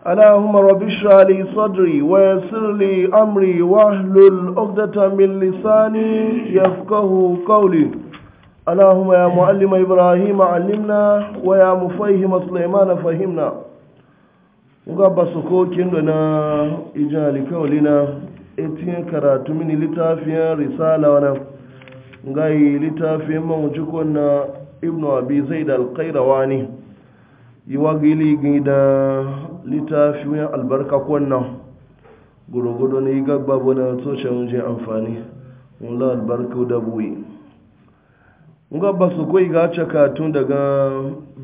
اللهم رب اشرح لي صدري ويسر لي امري واحلل عقدة من لساني يفقه قولي اللهم يا معلم ابراهيم علمنا ويا مفهم سليمان فهمنا ngaba sokokin da na ijali kawalina etin karatu mini littafin risala wani gai littafin mawucikon na ibnu abi da al-qairawani yi wagili gida littafin albarka kwanan gudugudu ne gagba bane to wajen amfani wula albarka da buyi gaba su kai ga cakatun daga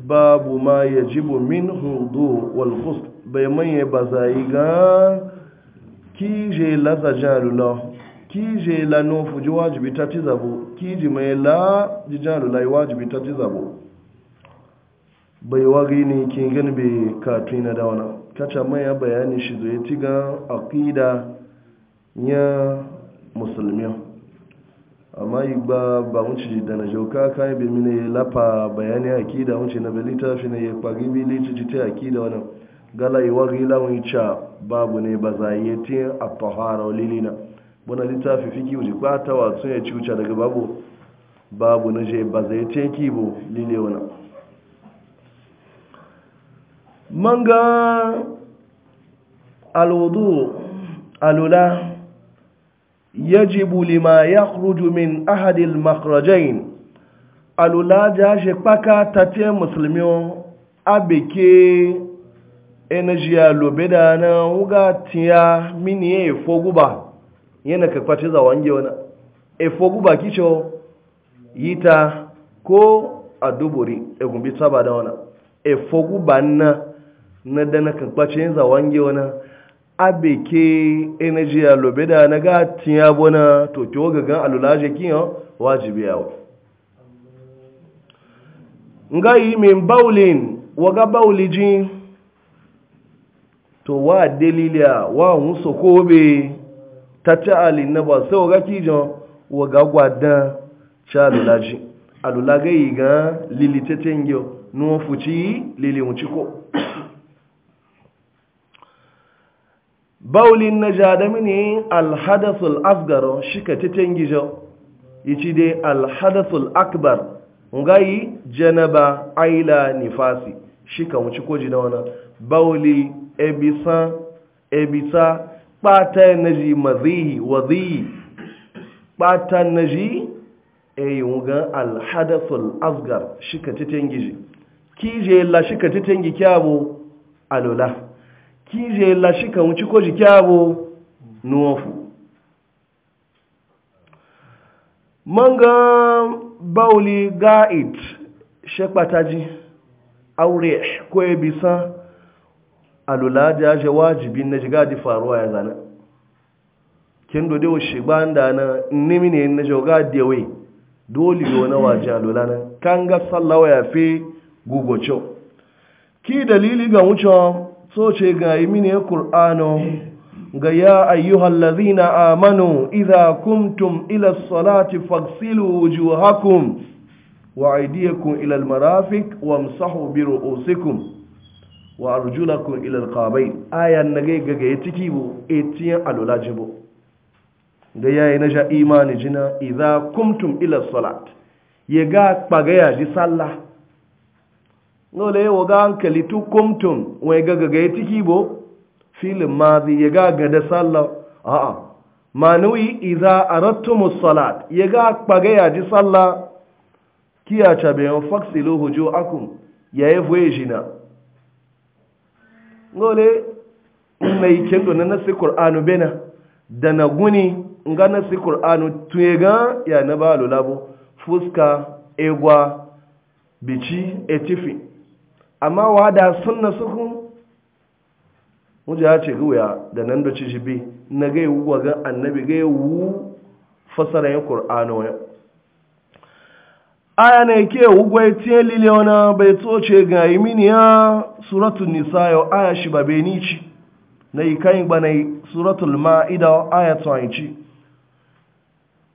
babu ma ya jibu min hudu walfus bai manye ba zai ga kije laza jarula kije la nufu ji wajibi ta ci zabo kije mai la ji jarula yi wajibi ta ci zabo bai wari ne kin gani bai katun na dawana kacha maya bayani shi zai ti ga akida ya musulmi amma igba ba mun ci da na jauka kai bi mine lafa bayani akida mun na belita shi ne ya kwari bi liti ji ta aqida gala yi wari lawan mun cha babu ne ba za yi ti at-tahara lilina buna litafi fiki uji kwata wa sun ya ci daga babu babu na je ba zai ki bo lile wani manga alwudu alula yajibu lima yakhruju min ahadi makrajain alula ja she paka tatie musulmi o abeke energy alobeda na uga tiya mini e foguba yana ka za wange wana e foguba kicho yita ko aduburi e gumbi saba da wana e foguba na na dana kan kwace yin zawange wani abe ke energy ya lobe da na ga tiya bona to ki waga gan alulaje ki yo wajibi yawo nga yi min wa waga bauliji to wa delilia wa hun sokobe kobe tati ali na ba sai waga kijo waga gwadan cha alulaji alulage yi gan lili tetengyo nuwa fuchi lili wuciko baulin na jadamini alhadasul asgar shika can gijo ci dai alhadasul akbar ngai janaba aila nifasi ka wuce ko ji na wannan bauli ebisa ebisa bata naji mazihi wazi bata naji eyi eh, wuga alhadasul asgar shika can gijo kije la shika gijo gikyabu alula kije lashika muchikoji kyabo nuofu manga bauli ga'id shekpataji aure ko bisa alulaji je wajibin na jiga faruwa ya zana kin dode wa shibanda na nimi ne na joga dewe dole yo na waje alulana kanga sallawa ya fi gugocho ki dalili ga wucin so ce ga yi mini ya ƙur'ano ga ya ayyuhal na amanu iza kumtum ila salati faksilu wujuhakum wa ilal marafik wa wamsahu bi ru'usikum wa arjulakum ilal kabai ayan nage gaga yatiki bu etiyan alolaji bu da yayi na sha imani jina iza kumtum ila salat ga pagaya di sallah nole yawa ga hankali tu kumtum wai gagaga ya tiki bo filin mazi ya gaga da sallah a'a manuyi iza arattumus salat ya ga kpaga ya ji sallah kiya cabe yan faksilu hujo akum ya yi voye jina ngole mai kendo na nasi qur'anu bena da na guni nga nasi qur'anu tuye ga ya na ba labo fuska egwa bici etifi amma wada sunna suku muje ya ce ruwa da nan da ci bi na gai wuwa ga annabi gai wu fasara yin qur'ani ya aya ne ke wugwa tiye liliyona bai toce ga mini ya suratul nisa yau aya shi babeni ci na yi kayan ba na suratun ma'ida aya 20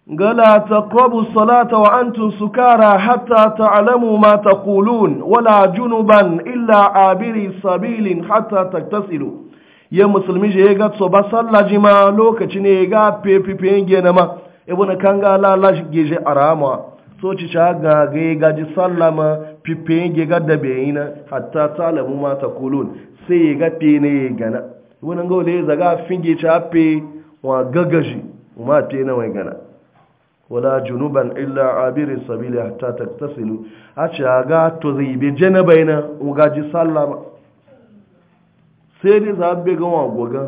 Gala taqrabu salata wa antum sukara hatta ta'lamu ma taqulun wala junuban illa biri sabilin hatta taktasilu ya musulmi je ga so ba sallaji ma lokaci ne ga pepe penge na ma ibn e kanga la la arama so ci cha ga ga ga ji sallama pipenge ga da beina hatta ta'lamu ma sai ga pe ne gana ibn e ngole zaga finge cha pe wa gagaji umma pe ne wai gana wala junuban illa abirin sabili hatta taktasilu a ce a ga to zaibe janaba yana ugaji sallah sai dai za a bai gawa goga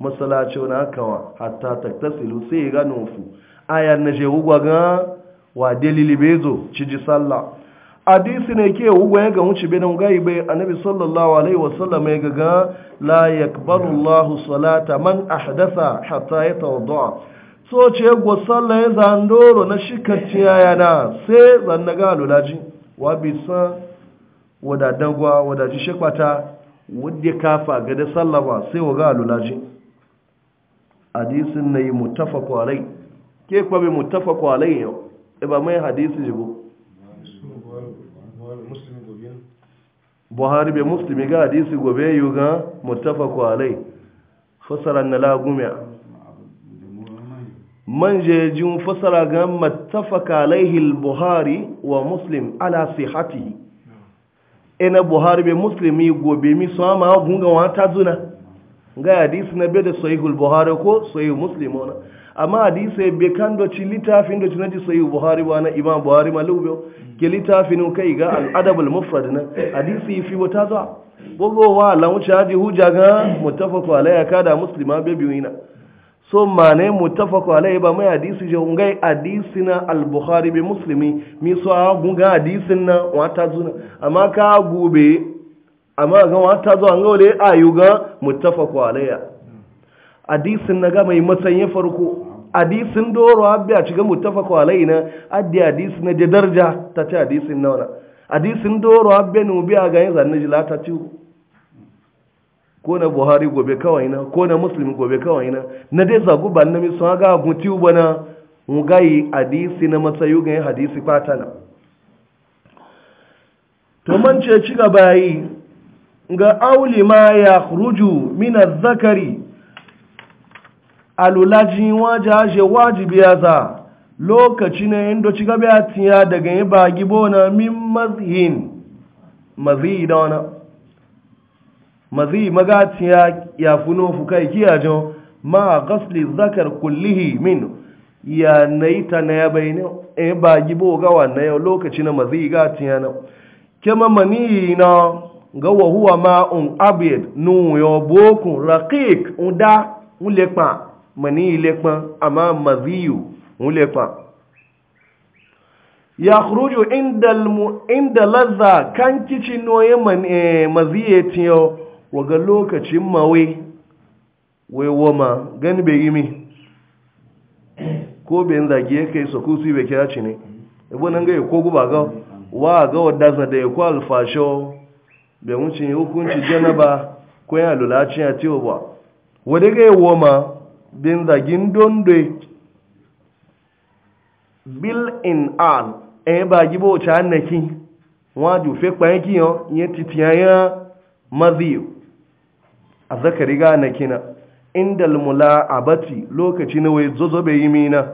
masalaci wani akawa hatta taktasilu sai ya gano nufu ayar na je wugwa ga wa dalili bai zo ci ji sallah hadisi ne ke wugwa ya ga wuce bai nan gai bai annabi sallallahu alaihi wasallam ya ga la yakbalu allah salata man ahdasa hatta yatawadda so ce gwasalla ya zandoro na yaya yana sai zannaga lulaji wa bisa wada dagwa wada ji shekwata wadda kafa ga da sallama sai waga lulaji hadisin na yi mutafa kwarai. ke kwabe mutafa kwarai yau iba e mai hadisi jibo buhari bai muslimi ga hadisi gobe yi ga mutafa kwarai. fasarar na lagumiya manjejin fasara ga mattafaka alaihi buhari wa muslim ala sihati ina buhari bai muslimi gobe mi sama gunga wata zuna ga hadisi na bai da sahihul buhari ko sahihul muslim ona amma hadisi e bai kan do ci litafin do ji sahihul buhari wa na imam buhari ma malube ke litafin kai ga al adab al mufrad na hadisi fi wata zuwa bogowa lawun shaji huja ga muttafaqu alaiha kada muslima bai biyu biwina so mu mutafaku alai ba mai hadisi je ngai hadisi na al-bukhari bi muslimi mi so a gunga hadisin na wata zuna amma ka gube amma ga wata zo an gole ayu ga mutafaku alai hadisin na ga mai matsayin farko hadisin doro abbi a ciga mutafaku alai na addi hadisi na je darja ta ci hadisin na wana hadisin doro abbi nu bi a ga yin zanne jilata ciwo ko na buhari gobe kawai na ko na muslim gobe kawai na na dai zagu ban na mi sun ga guti bana mu gayi hadisi na matsayu ga hadisi fatana to man ce ci gaba yi ga auli ma ya khruju min az-zakari alulaji waje wajibi ya za lokaci ne indo ci gaba ya tiya daga yi bagibo na min mazhin da mazi magacin ya funo fuka kiyajo ma ghasli zakar kullihi min ya naita na ya bayinu e ba gibo ga wannan yau lokaci na mazi gacin na kema mani na ga wa huwa un abid nu yo boku raqiq unda ulepa mani ilepa ama maziyu ulepa ya khuruju inda inda lazza kan kici noye man e, maziye tiyo waga lokacin mawe wai woma gani bai yi mi ko bai zage ya kai sakusi bai kira ci ne ibu nan gai ko guba ga wa ga wadda zana da ya kwa alfasho bai wuce hukunci janaba ko yana lulaci ya ciwo ba wadda gai woma bin zagin dondo bill in all ɗaya eh, ba jíbó ọ̀chá nẹ́kí wọ́n á jù fẹ́ pàyẹ́kí yẹn titi ayán a zakari gane kina inda mula a bati lokaci na wai zozo bai yi mina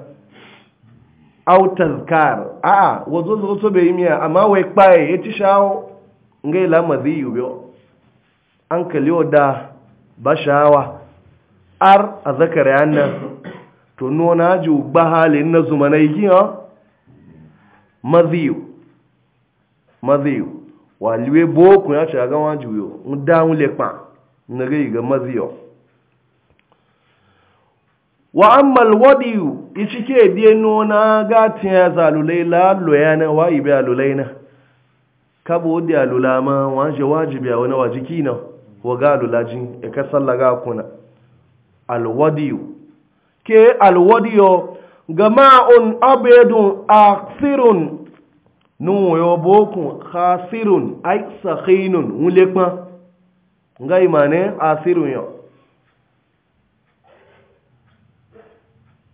autazkar a a wazo zozo bai yi mina amma wai kpaye ya ci shawo ngai lamazi yi biyo an kaliyo da ba shawa ar a zakari annan to nuna ji ba halin na zuma na yi maziyu maziyu liwe boku ya ci a gawa juyo n da wule kpa na gai ga maziyo wa ammal wadiyu ichike die nona gati ya zalulai la loyana wa ibe alulaina kabo di alula ma waje wajibi a wani wajiki na wa ga alulaji e ka sallaga kuna alwadiyu ke alwadiyo gama'un abedun aksirun nun yo bokun khasirun ay sakhinun wulepan ngai mane asiru yau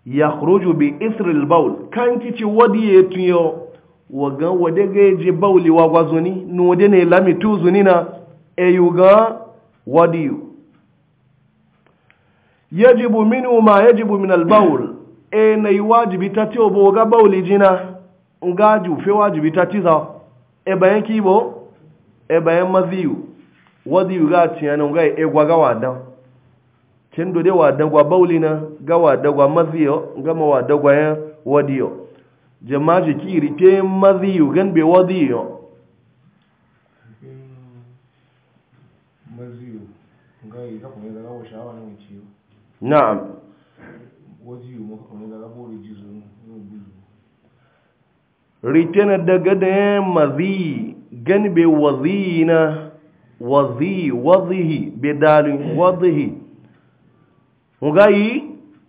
ya kuruju bi israel baul kan kici wadi ya tuyo wagan wade ga je bauli wa gwazuni nuwade ne lami tuzuni na eyuga yu yajibu minu ma yajibu min albaul e na yi wajibi ta obo ga bauli jina nga jufe wajibi ta za e bayan kibo e bayan maziyu wadda yi ga ciya ga e egwa ga wadan kin dode wadan gwa bauli ga wadan gwa maziyo ga ma wadan gwa yan wadiyo jama'a jiki rike maziyo gan be wadiyo maziyo ga yi ga kuma ga washawa ne ciyo na'am wadiyo mu kuma bori jizo rike na daga da mazi gan be wazina wazihi wazihi bedalin wazihi mugayi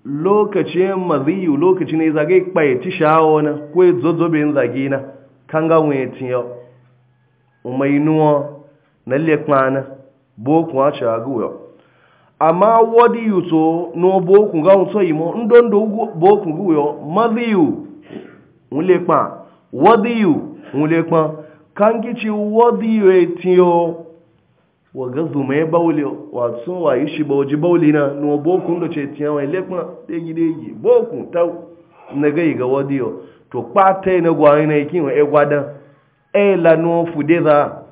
lokaci maziyu lokaci ne zage kpayaci shawo na ko zozobe zage na kan ga wani tiyo umainuwa na lekmana boku a shaguwa amma wadi yuto no boku ga wuto imo ndondo boku guyo maziyu wulekpa wadiyu wulekpa kan gici wadiyu e waga zumaye bauli wato wayi shi bauji bauli na no boku da ce tiyan wai lekma daji degi boku ta na gai ga wadiyo to kpata na gwari na yakin wa egwadan e la no za.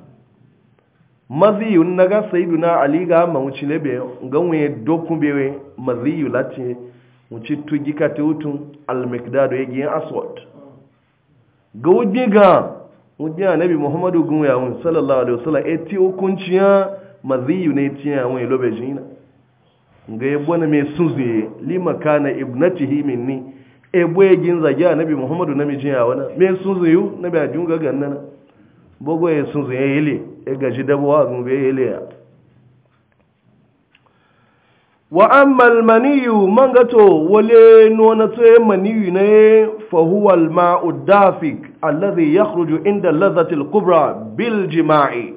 maziyu na ga sayyiduna na ga mawuci lebe ga we dokun bewe maziyu lati wuci tugi ka hutun al ya e giyan aswad ga wuji ga wadda anabi muhammadu gun yawon sallallahu alaihi wasallam eti hukunciya maziyu ne tiya yawon ya lobe jina ga ya bwana mai suzuye lima kana ibnatihi ya e boye gin na anabi muhammadu na mijin yawon mai suzuyu na bi ajun ga gannan bogo ya suzuye yele e gaji dabuwa gun be yele ya wa ammal maniyu mangato wale nona tsaye maniyu ne fahuwal ma'udafik allazi yakhruju inda lazatil kubra bil jima'i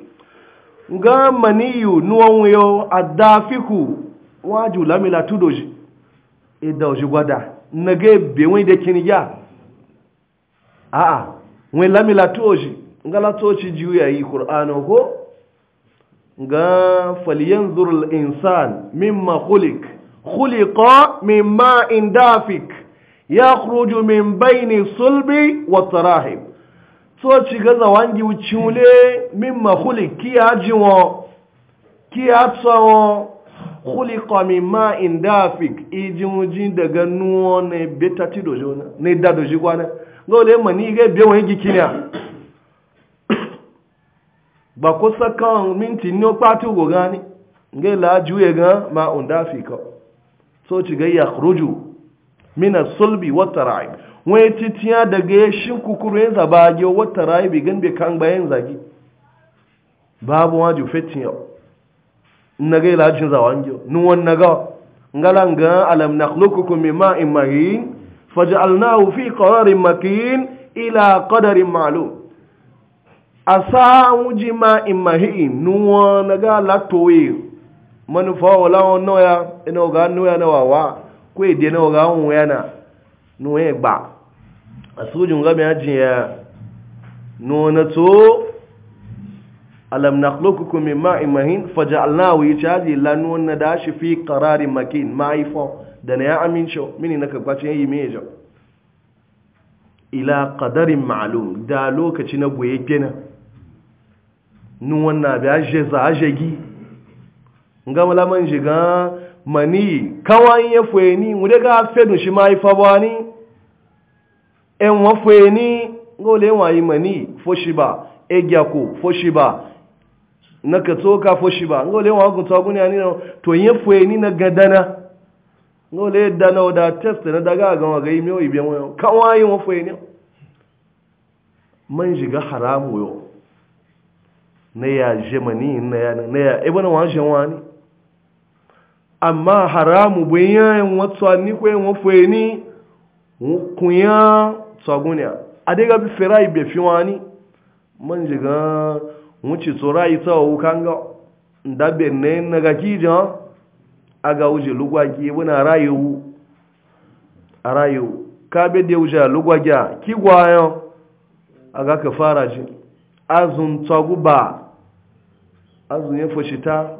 ga maniyu nuwan yo adafiku waju lamila tudoji idan e shi gwada na ga bewin da kini ya a'a wani lamila tudoji ngala toci juya yi qur'ano ko ga falyanzur zurul insan mimma khuliq khuliqa mimma indafik khuruju min bayni sulbi wa tarahib so ci ga zawangi wuciule mimma khuliq ki ajiwo ki atsawo khuliqa mimma indafik ijimuji daga nuwo ne betati dojona ne dadoji kwana ngole mani ge bewa yi kina ba kusa kan minti ni o patu go gani ngai la juye ga ma unda fi ka so ci ga ya khruju min as-sulbi wa tara'ib wai e titiya daga shin kukuru yin zabage wa tara'ib gan be kan bayan zagi babu waju fitin yau nagai la jin zawanjo nu won ga, ngalan ga alam nakhluqukum min ma'in mahin faj'alnahu fi qararin makin ila qadarin ma'lum a samu ma in mahi nuwa na ga latowe manufa wa lawon noya ina ga noya na wawa ko ide na ga hun na nuwa ya e gba a sojin ga ji ya nuwa na to alam nakhluqukum min ma'in mahin faja'alnahu yataji da shi fi qararin makin ma'ifa da na ya amincho mini na ka kwace yi me jo ila qadarin ma'lum da lokaci na goye kenan nun wannan bi aje za aje gi ngam la man jiga mani kawan ye fweni mude ga fedu shi mai fabani en wa fweni ngole wa yi mani foshiba egyako ba. na ka tsoka foshiba ngole wa gun tsaguni ani to ye ni na gadana ngole dana da test na daga a ga ga yi miyo ibe mo kawan yi wa ni. man jiga haramu yo na ya jemani na ya na ya ebe na wajen wani amma haramu bai yayin wato ni ko yin wafo ni kunya tsagunya a dai gabi firai bai fi wani man jiga wuce tsorai ta wukan ga da bai ne na ga kijin aga uje wuce lugwagi ebe na rayu a rayu ka be da uje lugwagi a kigwayon a ga ka fara shi azun tsaguba azumin fashita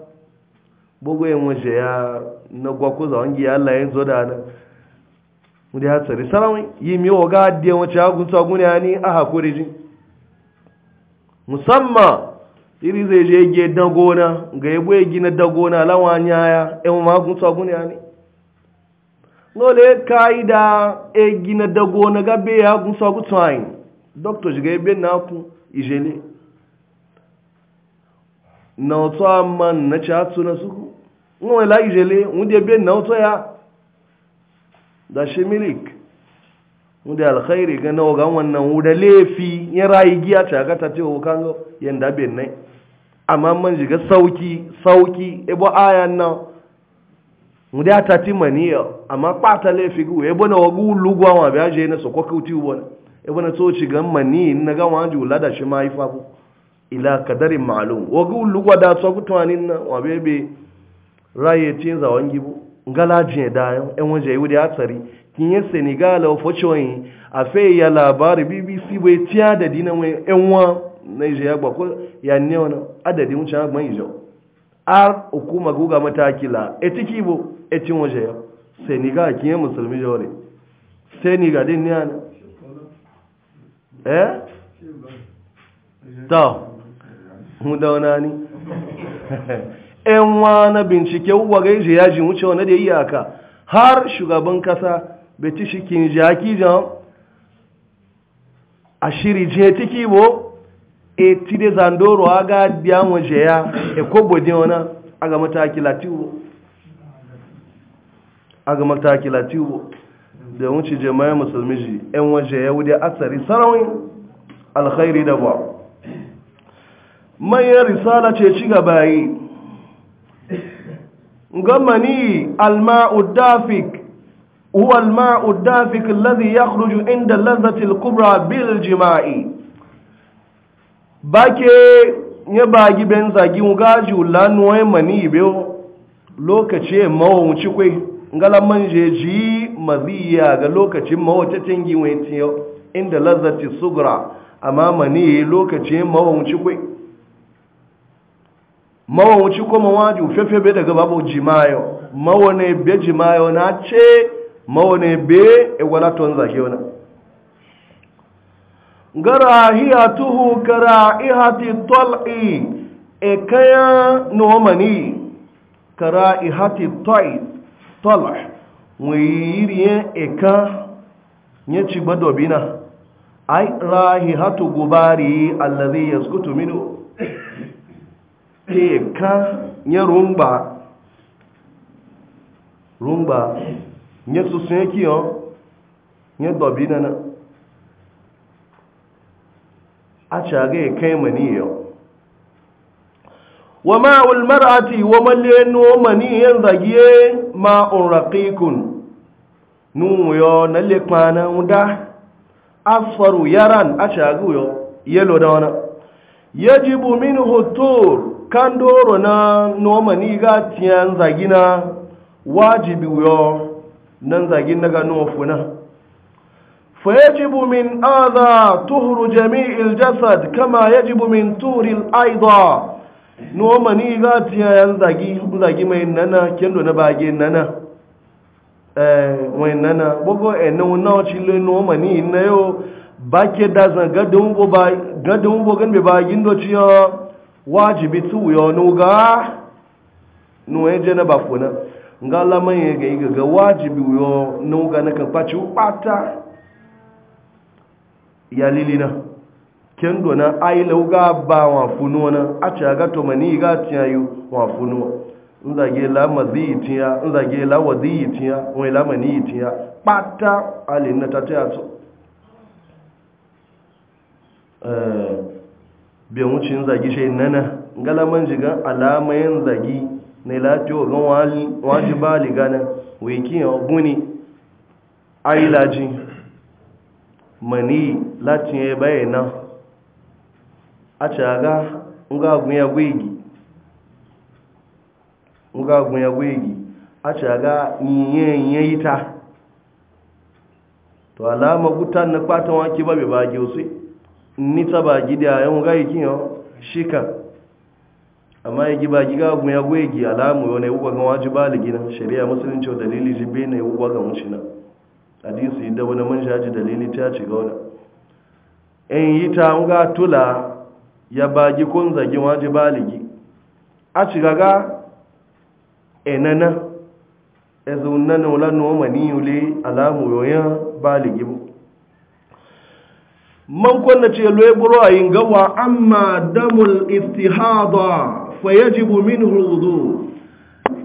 bugoyin waje ya na gwakuza wangi ya Allah ya zo da nan mu da hatsari sarawin yi mi wa ga da wace hagu ta gune ni a hakuri ji musamman iri zai je ge dagona ga yabo ya gina dagona lawan ya e ma hagu ta ya ni lole kaida e gina dagona ga be ya hagu ta gutsain doctor ji ga be na ku ijele na otu amma na ci atụ na suku nwa ijele wunde be na otu ya da shi alkhairi ga na ga wannan wuda laifi ya rayu giya ta ga ta tewo kan yanda be nai amma man jiga sauki sauki ebo ayan na wunde ta ti maniya amma pata laifi gu ebo na wagu lugwa wa biaje na sokwa kuti ubona ebo na to ci mani na ga wanju lada shi mai fafu ila kadarin ma'alum waga ulu gwada tso kutuwanin na wa bebe raye tin za wangi bu ngala jin da en waje yi da tsari kin yi senegal o fochoyin a fe ya labari bbc bai tiya da dinan wai en wa gba ya ne na adadi mun chan gban ijo ar hukuma guga matakila etiki bo etin waje ya senegal kin yi musulmi jore senegal din ana eh ta mu da wani ni yan wani bincike wagai zai yaji wuce wani da iyaka har shugaban kasa bai ci shikin jaki jan a shiri je tiki bo e ti de zandoro aga biya mu je ya e ko bodin wana aga mataki latiwo aga mataki latiwo da wuce jama'a musulmi ji yan waje ya wuce asari sarawin alkhairi da ba ya risala ce ci gaba yi gamani alma'u dafik huwa alma'u dafik inda lazatil kubra bil jima'i Ba ke nye bagi ben zagi gaji ulanwe mani biyo lokaci e mawuci kwe ngala manje ji maziya ga lokacin mawata tangi wentiyo inda lazatil sugra amma mani e lokaci e mawuci kwe mawan wuci ko fefe bai daga babu jimayo mawane be jimayo na ce mawane be e wala ton zake wana garahiyatuhu ihati tol'i e kaya nomani karaihati ta'i tal'i wiyiriye e ka nye ci gbadobina ai rahihatu gubari allazi skutu minu. ke ka nye rumba rumba nye nye dobi nana a caga kai mani yau wa ma'ul mar'ati wa mallenu mani ma zagiye ma'un raqiqun nu yo na le pana a faru yaran a caga yo yelo da wana yajibu minhu tur kandoro na noma ni ga tiyan zagina wajibi yo nan zagin daga nofuna فيجب min آذى طهر jami'il jasad kama yajibu min turil الأيضا noma ni ga ta zagi zagi mai nana kendo na bage nana eh mai nana bogo e eh, no no chile noma ni na yau bake da zan gadon bo ba gadon gan be bagin do ciyo wajibi tu yo nuga nuwe jana bafuna nga lamanye ga iga ga wajibi yo nuga na kapaci upata ya lilina kendo na aila uga ba wa funuwa na acha ga to mani ga tiyayu wa funuwa nzage la mazi tiya nzage la wazi tiya wai la mani tiya pata alin na tataya to eh bai zagi shi nana galaman jigan alamayin zagi na latiyo gan waji bali gana wiki ya guni ailaji mani latin ya bayyana a caga ngagun ya ya gwegi a caga yiyen yayi ta to alama gutan na kwatan wake ba bai bage nita ba gida yan ga ikin yo shika amma yi ba giga mu ya goye gi alamu yo ne uwa ga wajiba ligina shari'a musulunci dalili jibe ne uwa ga mucina hadisi da wani man shaji dalili ta ci gauna in yi ta ga tula ya bagi kun zagi wajiba ligi a ci gaga enana ezunnana wala no mani yule alamu yo ya baligi man kunna ce loye buro a yin gawa amma damul istihada fa yajibu min hudu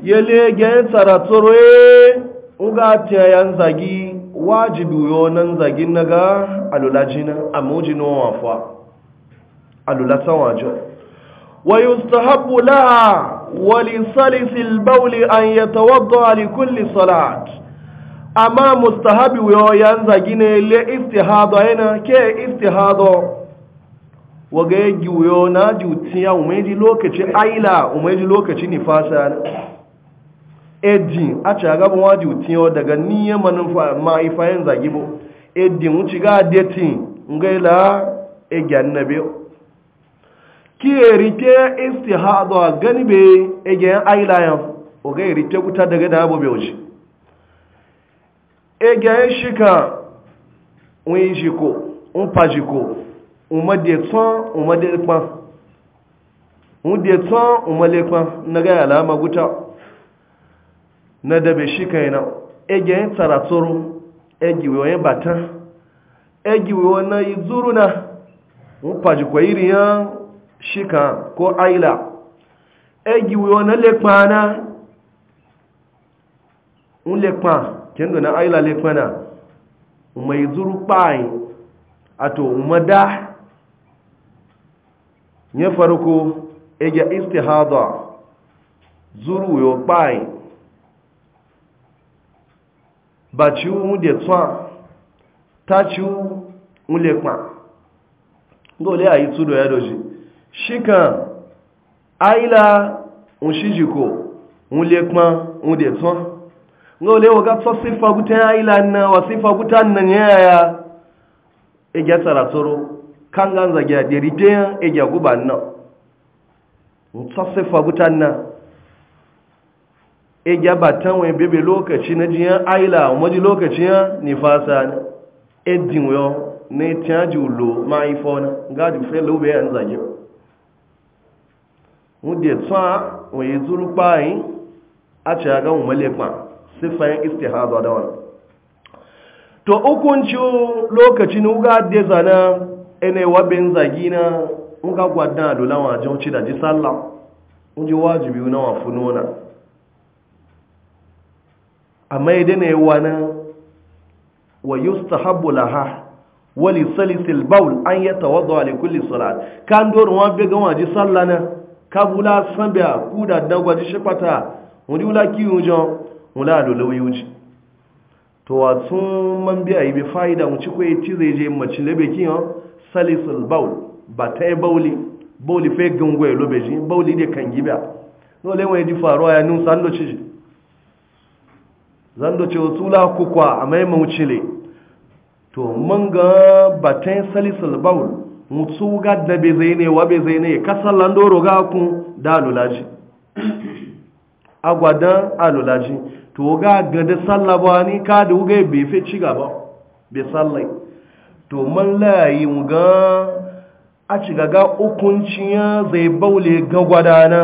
yele ga tsara tsoroye uga ta yan zagi wajibi yo nan zagin naga alulajina amuji no wafa alulata wajo wa yustahabbu laha wa li salisil bawli an yatawadda li kulli salat amma mustahabi wuyo yan zagi ne le istihado na ke istihado waga ya gi wuyo na ji utiya umeji lokaci aila umeji lokaci nifasa na ejin a ci a gaban waji utiya daga niyan manufa ma'aifa yan zagi bo ejin wuci ga detin ngaila egyan na biyu ki erike istihado gani be egyan aila yan waga erike kuta daga da abu egyayen shika nyi jiko wọ́n pa jiko wọ́n ma de tán wọ́n ma de pa wọ́n na ga alama guta na dabe shika yana egyayen taratoro egiwe wọ́n bata egiwe wọ́n na izuru na npa pa jiko iri yan shika ko aila egiwe wọ́n na lekpa na nlekpa. kendo na aila le ụmụ mai zuru pai ato umada nye farko eja istihada zuru yo pai bachi mu de twa tachu mu le pa ngole ayi tudo ya doji shika aila unshijiko mu le pa mu de ngo lewo ga so sifa guta ya ilanna wa sifa guta nan ya e ya e ga tsara tsoro kan gan za ga de rite e ga guba nan so sifa guta nan e ga batan we bebe lokaci na jiyan aila maji lokaci ya nifasa na e dinwo ne tiaji ulo ma ifona ga ju fe lobe yan zage mu de tsa we zuru pai a ce ga mu male pa siffayen istihaza da wani to hukunci lokacin uga da zana ene wabin zagina uga gwadna dola wajen wuce da ji sallah unji wajibi na wafunona amma idan ne wani wa yustahabbu laha wali salisil baul an ya tawadda li kulli salat kan doron wa be gawa ji salla na kabula sambia kuda dagwaji shepata wani wula kiyun jon mula da lauyoji to watsun man biya yi bi fa'ida mu ci ko yi ci zai je mace labe kin yo salisul baul ba ta yi bauli bauli fe gango ya lobe ji bauli de kan gibiya no le wani ji faruwa ya nun sando ci zando ce wasu la kukwa a mai le to man ga ba ta yi salisul baul mutu ga da be zai ne wa be zai ne kasan landoro ga kun da lulaji agwadan alulaji to ga gada sallah ba ni ka da wuga bai fi ci gaba bai sallai to man layi ga a ci gaga hukuncin ya zai baule ga gwadana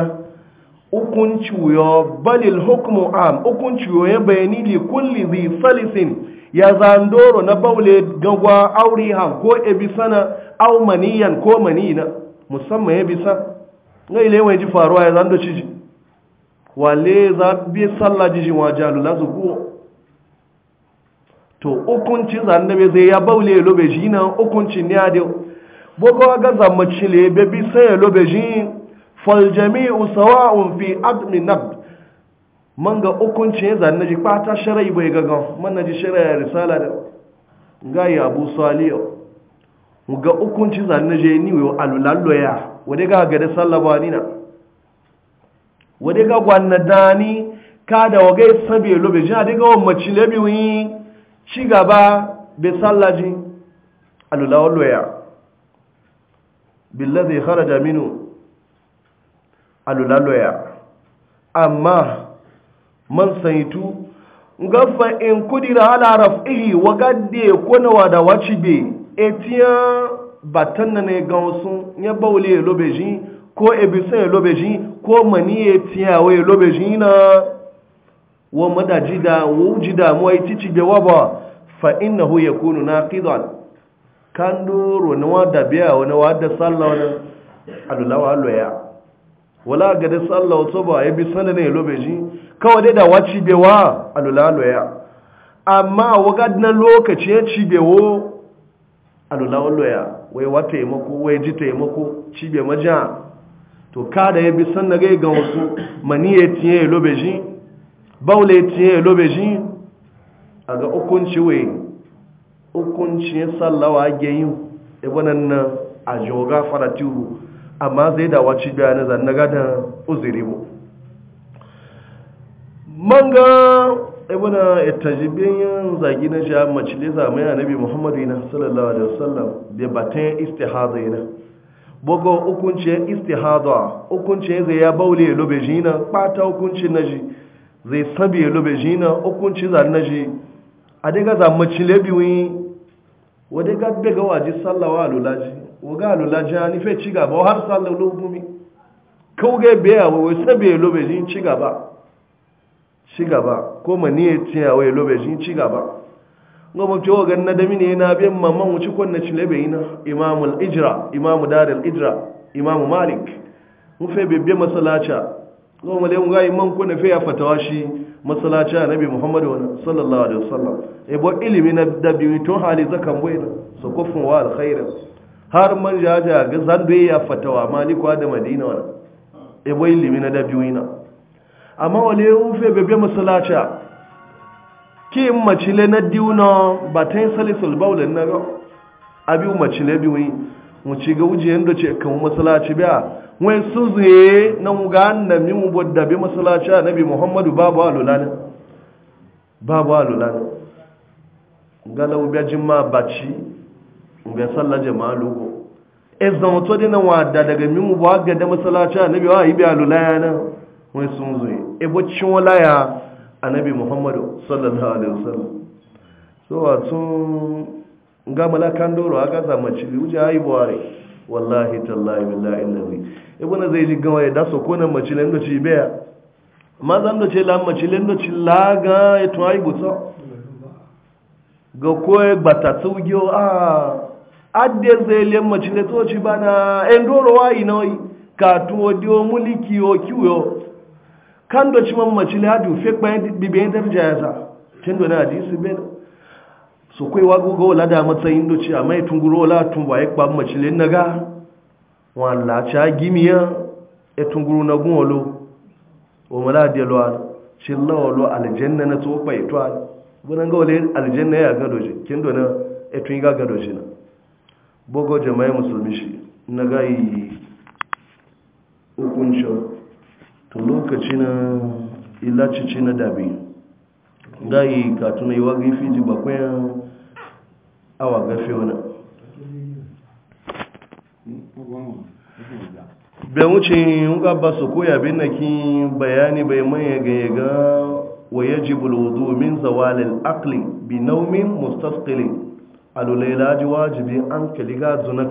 hukunci yo balil hukmu am hukunci yo bayani li kulli bi salisin ya zandoro na baule gagwa aure han ko sana au maniyan ko manina musamman sa, ngai lewa ji faruwa ya zando ciji wale za bi sallah jijin waje alula su kuwa to hukunci zannabe zai ya baule lobe shi na hukunci ne a dai boko ga zamaci le bebi sai ya lobe shi faljami usawa'un fi admin nab man ga hukunci ya zanna ji kwata shirai bai gaga mana na ji shirai ya risala da gayi abu saliyo ga hukunci zanna je ni alulalloya wadda ga gada sallaba ni na wade ga gwanna dani kada waga sabe lobe jina de ga o macile bi wi ci gaba be sallaji alula walloya billadhi kharaja minhu alula loya amma man saitu gafa in kudira ala raf'ihi wa gadde konawa da wacibe etiyan batan ne ga wasu ya bawle lobe jini ko ebisan elobejin ko mani lobe elobejin na wa mọ́dá da wọ́n jídá mọ́ ìtí ti gbẹ̀wọ́ ba fa iná hó yẹ kúrò na kídọ̀n kan dúró ni wọ́n dàbí àwọn ni wọ́n dá Wala ga alùláwà lọ́yà wọ́lá ba, sálà ọ̀tọ́ bọ̀ ẹbí ya lobe elobejin kawai dai da wọ́n ci gbẹ̀wọ́ alùláwà lọ́yà amma wọ́gádínà lokaci ya ci gbẹ̀wọ́ alùláwà lọ́yà wai wata taimako wai ji taimako cibe gbẹ̀ majiya to kada ya bi sanna gai ga wasu mani ya tiye ya lobe shi baule ya tiye ya lobe shi a ga hukunci wai ya sallawa ga yi ibanan na a joga faratiwu amma zai da waci biya na zanna gada uziri mu manga ibana itajibin yin zagi na shi a macilisa mai anabi muhammadu na sallallahu alaihi wasallam da batun istihada yana bogo hukunci istihada hukunci zai ya baule lobe jina kpata hukuncin na zai sabi lobe jina hukuncin zan na adiga a daga zammacin labiwi wadda ga bega waji sallawa alulaji waga lulaji a fe ci gaba har sallar lobumi kawai biya wai sabi lobe jin ci gaba ci gaba ko mani ya tiya wai lobe jin ci gaba ngoma to ga na dami ne na biyan mamman wuci kon na cile bai na imamu al-ijra imamu dar al-ijra imamu malik mu fe bebbe masalacha ngoma le ngai imam ko na fe ya fatawa shi masalacha nabi muhammad sallallahu alaihi wasallam e bo ilimi na dabi to hali zakan boye so kofin wa alkhair har man ja ja ga zandu ya fatawa maliku da madina wannan e bo ilimi na dabi wina amma wale mu fe bebbe masalacha ki macile na diuna batan salisul bawl na ga abi macile bi yi. mu ci ga wuje yanda ce kan masallaci biya wai su zuye na mu ga annabi mu bodda bi masallaci annabi muhammadu babu alulana babu alulana galau biya jimma baci ga sallar jama'a lugo ezan to dina wada daga mimu ba ga da masallaci annabi wa yi biya alulana wai sun zuye e bocin walaya annabi muhammadu sallallahu alaihi wasallam so tun ga malakan doro aka samu cili wuce ayi buhari wallahi tallahi billahi allazi ibnu eh, zai ji gawa ya daso ko nan mace lendo ci beya ma zan do ce lan mace lendo ci laga ya to ayi buta ga ko gbata tsugiyo a adde zai le mace le to ci bana endoro eh, wa inoi ka tuwo, dio muliki o kiwo kan do ci mamaci ladu fek bayan bibiyan darja ya za kin do na hadisi be so kai wa go wala da matsayin do ci amma tunguro la tun waye ba mamaci len naga wala cha gimiya e tunguru na gun wolo o mala de lo al ci la aljanna na to bai to al bunan ga wale aljanna ya ga doje kin do na e tun ga ga doje na bogo jama'a musulmi shi yi hukuncin to lokaci na ilacici na dabi gayi ka tuna yi wagi fiji bakwai awa gafe wani bai wuce nga su koya bin bayani bai manya gaya ga wa yajibu alwudu min zawalil akli bi naumin mustasqili alulaila ji wajibi an kaliga zuna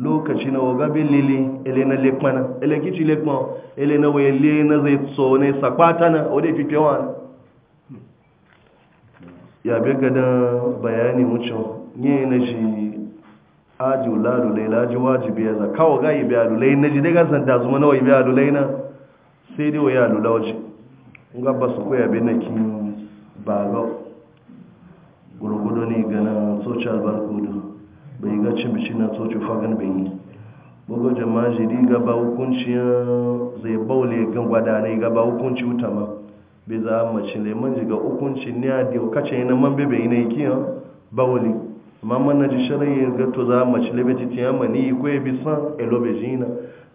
lokaci na waga lili ele na lekmana ele kici lekma ele na wele na zai tso ne sakwata na wadda fi fewa ya bi gada bayani mucho ne na shi aji lalulai laji wajibi ya zaka wa yi biya lulai na ji daga santa zuma na yi biya lulai na sai dai wa ya lula waje gaba su koya bi na kin ba gurgudu ne gana social barkudu bai ga cimici na tsoci fagen bai yi bugu jama'a jiri gaba hukunci zai baule gan gwada ne gaba hukunci wuta ma bai za a mace ji ga hukunci ne a diyo yana man bebe yana yi kiyan baule amma man na ji shirayi ga to za a mace lebe titi ya ma ni ya bi san elobe jina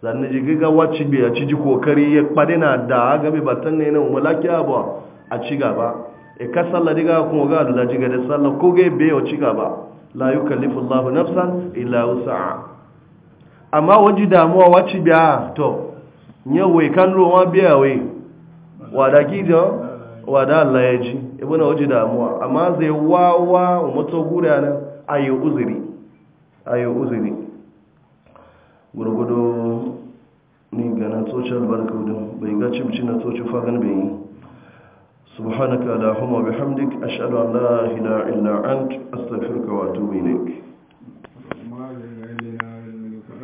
zan na ji ga wacce bai a ciji kokari ya kpade na da gabe batan ne na umarlaki abu a ci gaba e ka sallah diga kuma ga da ga da sallah ko ga bai ya ci gaba la yukallifu Allahu nafsan illa wus'aha amma waji damuwa waci biya to nyewe kan ruwa biya we wada gido wada Allah ya ji ibuna waji damuwa amma zai wawa mutu gura nan ayi uzuri ayi uzuri gurgudu ni gana social barkudu bai ga cimci na toci fagan bai yi subhanaka la huma bihamdik ashhadu an la ilaha illa ant astaghfiruka wa atubu ilayk